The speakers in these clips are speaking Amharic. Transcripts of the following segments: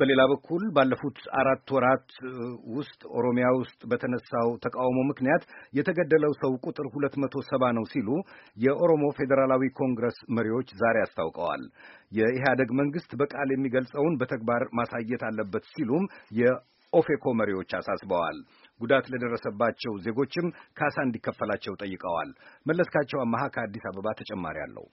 በሌላ በኩል ባለፉት አራት ወራት ውስጥ ኦሮሚያ ውስጥ በተነሳው ተቃውሞ ምክንያት የተገደለው ሰው ቁጥር ሁለት መቶ ሰባ ነው ሲሉ የኦሮሞ ፌዴራላዊ ኮንግረስ መሪዎች ዛሬ አስታውቀዋል። የኢህአደግ መንግስት በቃል የሚገልጸውን በተግባር ማሳየት አለበት ሲሉም የኦፌኮ መሪዎች አሳስበዋል። ጉዳት ለደረሰባቸው ዜጎችም ካሳ እንዲከፈላቸው ጠይቀዋል። መለስካቸው አመሃ ከአዲስ አበባ ተጨማሪ አለው።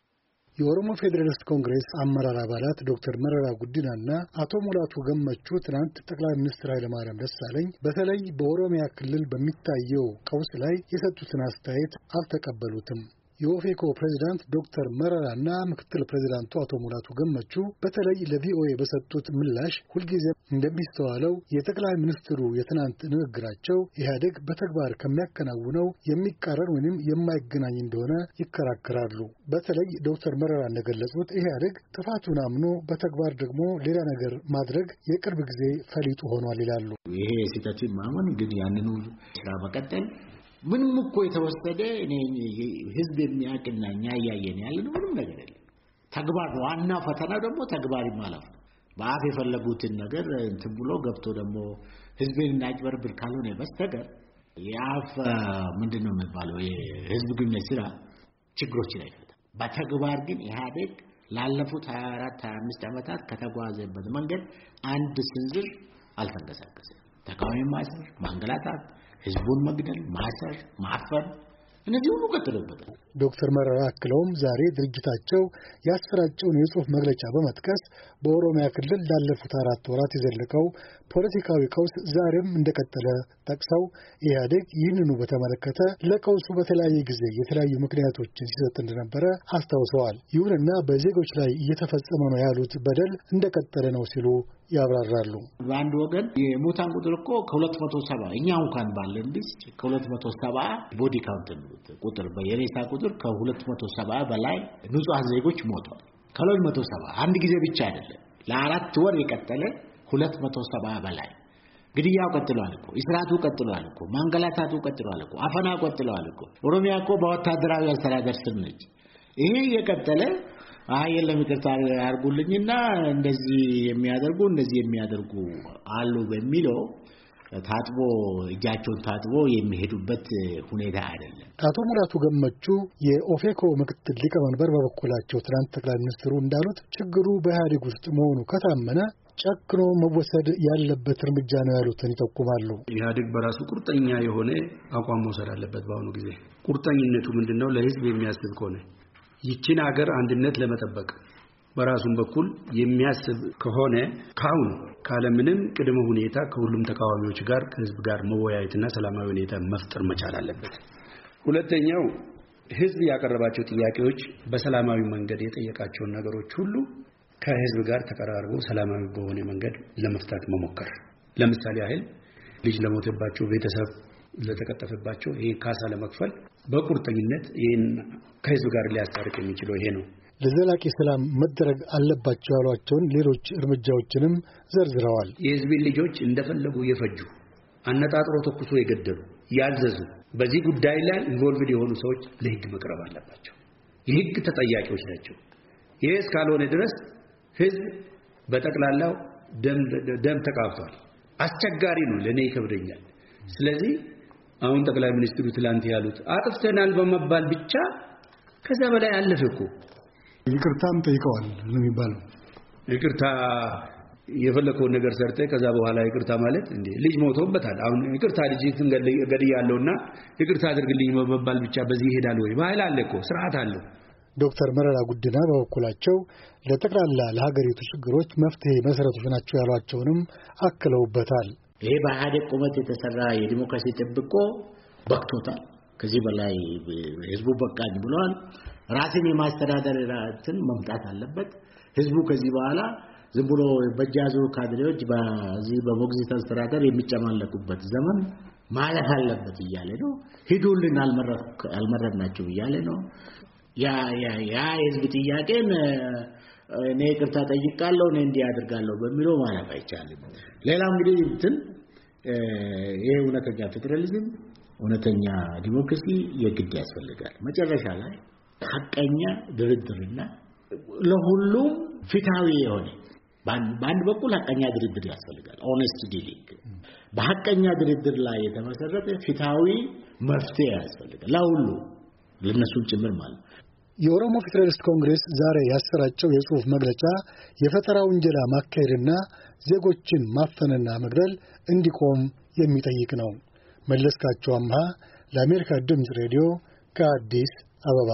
የኦሮሞ ፌዴራሊስት ኮንግሬስ አመራር አባላት ዶክተር መረራ ጉዲናና አቶ ሙላቱ ገመቹ ትናንት ጠቅላይ ሚኒስትር ኃይለማርያም ደሳለኝ በተለይ በኦሮሚያ ክልል በሚታየው ቀውስ ላይ የሰጡትን አስተያየት አልተቀበሉትም። የኦፌኮ ፕሬዚዳንት ዶክተር መረራና ምክትል ፕሬዚዳንቱ አቶ ሙላቱ ገመቹ በተለይ ለቪኦኤ በሰጡት ምላሽ ሁልጊዜ እንደሚስተዋለው የጠቅላይ ሚኒስትሩ የትናንት ንግግራቸው ኢህአዴግ በተግባር ከሚያከናውነው የሚቃረን ወይም የማይገናኝ እንደሆነ ይከራከራሉ። በተለይ ዶክተር መረራ እንደገለጹት ኢህአዴግ ጥፋቱን አምኖ በተግባር ደግሞ ሌላ ነገር ማድረግ የቅርብ ጊዜ ፈሊጡ ሆኗል ይላሉ። ይሄ ስህተትን ማመን እንግዲህ ያንኑ ስራ መቀጠል ምንም እኮ የተወሰደ እኔ ህዝብ የሚያቅና እኛ እያየን ያለን ምንም ነገር የለም። ተግባር ነው ዋና ፈተና። ደግሞ ተግባር ይማለፍ ነው። በአፍ የፈለጉትን ነገር እንትን ብሎ ገብቶ ደግሞ ህዝብን እናጭበርብር ካልሆነ በስተቀር የአፍ ምንድን ነው የሚባለው የህዝብ ግንኙነት ስራ ችግሮችን አይፈታም። በተግባር ግን ኢህአዴግ ላለፉት 24 25 ዓመታት ከተጓዘበት መንገድ አንድ ስንዝር አልተንቀሳቀሰም። ተቃዋሚ ማስር፣ ማንገላታት ህዝቡን መግደል፣ ማሰር፣ ማፈን እነዚህ ሁሉ ቀጥለውበታል። ዶክተር መረራ አክለውም ዛሬ ድርጅታቸው ያሰራጨውን የጽሁፍ መግለጫ በመጥቀስ በኦሮሚያ ክልል ላለፉት አራት ወራት የዘለቀው ፖለቲካዊ ቀውስ ዛሬም እንደቀጠለ ጠቅሰው ኢህአዴግ ይህንኑ በተመለከተ ለቀውሱ በተለያየ ጊዜ የተለያዩ ምክንያቶችን ሲሰጥ እንደነበረ አስታውሰዋል። ይሁንና በዜጎች ላይ እየተፈጸመ ነው ያሉት በደል እንደቀጠለ ነው ሲሉ ያብራራሉ። በአንድ ወገን የሙታን ቁጥር እኮ ከሁለት መቶ ሰባ እኛ እንኳን ባለን ሊስት ከሁለት መቶ ሰባ ቦዲ ካውንት ቁጥር የሬሳ ቁጥር ከሁለት መቶ ሰባ በላይ ንጹሐን ዜጎች ሞቷል። ከሁለት መቶ ሰባ አንድ ጊዜ ብቻ አይደለም፣ ለአራት ወር የቀጠለ ሁለት መቶ ሰባ በላይ ግድያው ቀጥሏል እኮ እስራቱ ቀጥሏል እኮ ማንገላታቱ ቀጥሏል እኮ አፈና ቀጥሏል እኮ ኦሮሚያ እኮ በወታደራዊ አስተዳደር ስር ነች። ይሄ የቀጠለ አይ የለም ይቅርታ ያርጉልኝና እንደዚህ የሚያደርጉ እንደዚህ የሚያደርጉ አሉ በሚለው ታጥቦ እጃቸውን ታጥቦ የሚሄዱበት ሁኔታ አይደለም። አቶ ሙላቱ ገመቹ የኦፌኮ ምክትል ሊቀመንበር በበኩላቸው ትናንት ጠቅላይ ሚኒስትሩ እንዳሉት ችግሩ በኢህአዴግ ውስጥ መሆኑ ከታመነ ጨክኖ መወሰድ ያለበት እርምጃ ነው ያሉትን ይጠቁማሉ። ኢህአዴግ በራሱ ቁርጠኛ የሆነ አቋም መውሰድ አለበት። በአሁኑ ጊዜ ቁርጠኝነቱ ምንድን ነው? ለህዝብ የሚያስብ ከሆነ ይችን ሀገር አንድነት ለመጠበቅ በራሱን በኩል የሚያስብ ከሆነ ካሁን ካለምንም ቅድመ ሁኔታ ከሁሉም ተቃዋሚዎች ጋር ከህዝብ ጋር መወያየትና ሰላማዊ ሁኔታ መፍጠር መቻል አለበት። ሁለተኛው ህዝብ ያቀረባቸው ጥያቄዎች በሰላማዊ መንገድ የጠየቃቸውን ነገሮች ሁሉ ከህዝብ ጋር ተቀራርቦ ሰላማዊ በሆነ መንገድ ለመፍታት መሞከር። ለምሳሌ ያህል ልጅ ለሞተባቸው ቤተሰብ ለተቀጠፈባቸው ይህ ካሳ ለመክፈል በቁርጠኝነት ይህን ከህዝብ ጋር ሊያስታርቅ የሚችለው ይሄ ነው። ለዘላቂ ሰላም መደረግ አለባቸው ያሏቸውን ሌሎች እርምጃዎችንም ዘርዝረዋል። የህዝብን ልጆች እንደፈለጉ የፈጁ፣ አነጣጥሮ ተኩሶ የገደሉ፣ ያዘዙ፣ በዚህ ጉዳይ ላይ ኢንቮልቭድ የሆኑ ሰዎች ለህግ መቅረብ አለባቸው። የህግ ተጠያቂዎች ናቸው። ይህ እስካልሆነ ድረስ ህዝብ በጠቅላላው ደም ተቃብቷል። አስቸጋሪ ነው፣ ለእኔ ይከብደኛል። ስለዚህ አሁን ጠቅላይ ሚኒስትሩ ትላንት ያሉት አጥፍተናል በመባል ብቻ ከዛ በላይ አለፈ እኮ። ይቅርታም ጠይቀዋል ነው የሚባለው። ይቅርታ የፈለከውን ነገር ሰርተ ከዛ በኋላ ይቅርታ ማለት እንዴ? ልጅ ሞቶበታል። አሁን ይቅርታ ልጅ ገድያለሁና ይቅርታ አድርግልኝ በመባል ብቻ በዚህ ይሄዳል ወይ? ባህል አለ እኮ ስርዓት አለው። ዶክተር መረራ ጉድና በበኩላቸው ለጠቅላላ ለሀገሪቱ ችግሮች መፍትሄ መሰረቶች ናቸው ያሏቸውንም አክለውበታል። ይሄ በኢህአዴግ ቁመት የተሰራ የዲሞክራሲ ጥብቆ በቅቶታል። ከዚህ በላይ ህዝቡ በቃኝ ብለዋል። ራስን የማስተዳደር እንትን መምጣት አለበት። ህዝቡ ከዚህ በኋላ ዝም ብሎ በጃዙ ካድሬዎች በዚህ በሞግዚት አስተዳደር የሚጨማለቁበት ዘመን ማለፍ አለበት እያለ ነው። ሂዱልን አልመረጥናችሁም እያለ ነው። ያ የህዝብ ጥያቄን እኔ ይቅርታ ጠይቃለሁ እኔ እንዲህ አድርጋለሁ በሚለው ማለፍ አይቻልም። ሌላ እንግዲህ እንትን ይሄ እውነተኛ ፌዴራሊዝም፣ እውነተኛ ዲሞክራሲ የግድ ያስፈልጋል። መጨረሻ ላይ ሀቀኛ ድርድርና ለሁሉም ፊታዊ የሆነ በአንድ በኩል ሀቀኛ ድርድር ያስፈልጋል። ኦነስት ዲሊንግ በሀቀኛ ድርድር ላይ የተመሰረተ ፊታዊ መፍትሄ ያስፈልጋል። ለሁሉ ለነሱም ጭምር ማለት የኦሮሞ ፌዴራሊስት ኮንግሬስ ዛሬ ያሰራጨው የጽሑፍ መግለጫ የፈጠራ ውንጀላ ማካሄድና ዜጎችን ማፈንና መግደል እንዲቆም የሚጠይቅ ነው። መለስካቸው አምሃ ለአሜሪካ ድምፅ ሬዲዮ ከአዲስ አበባ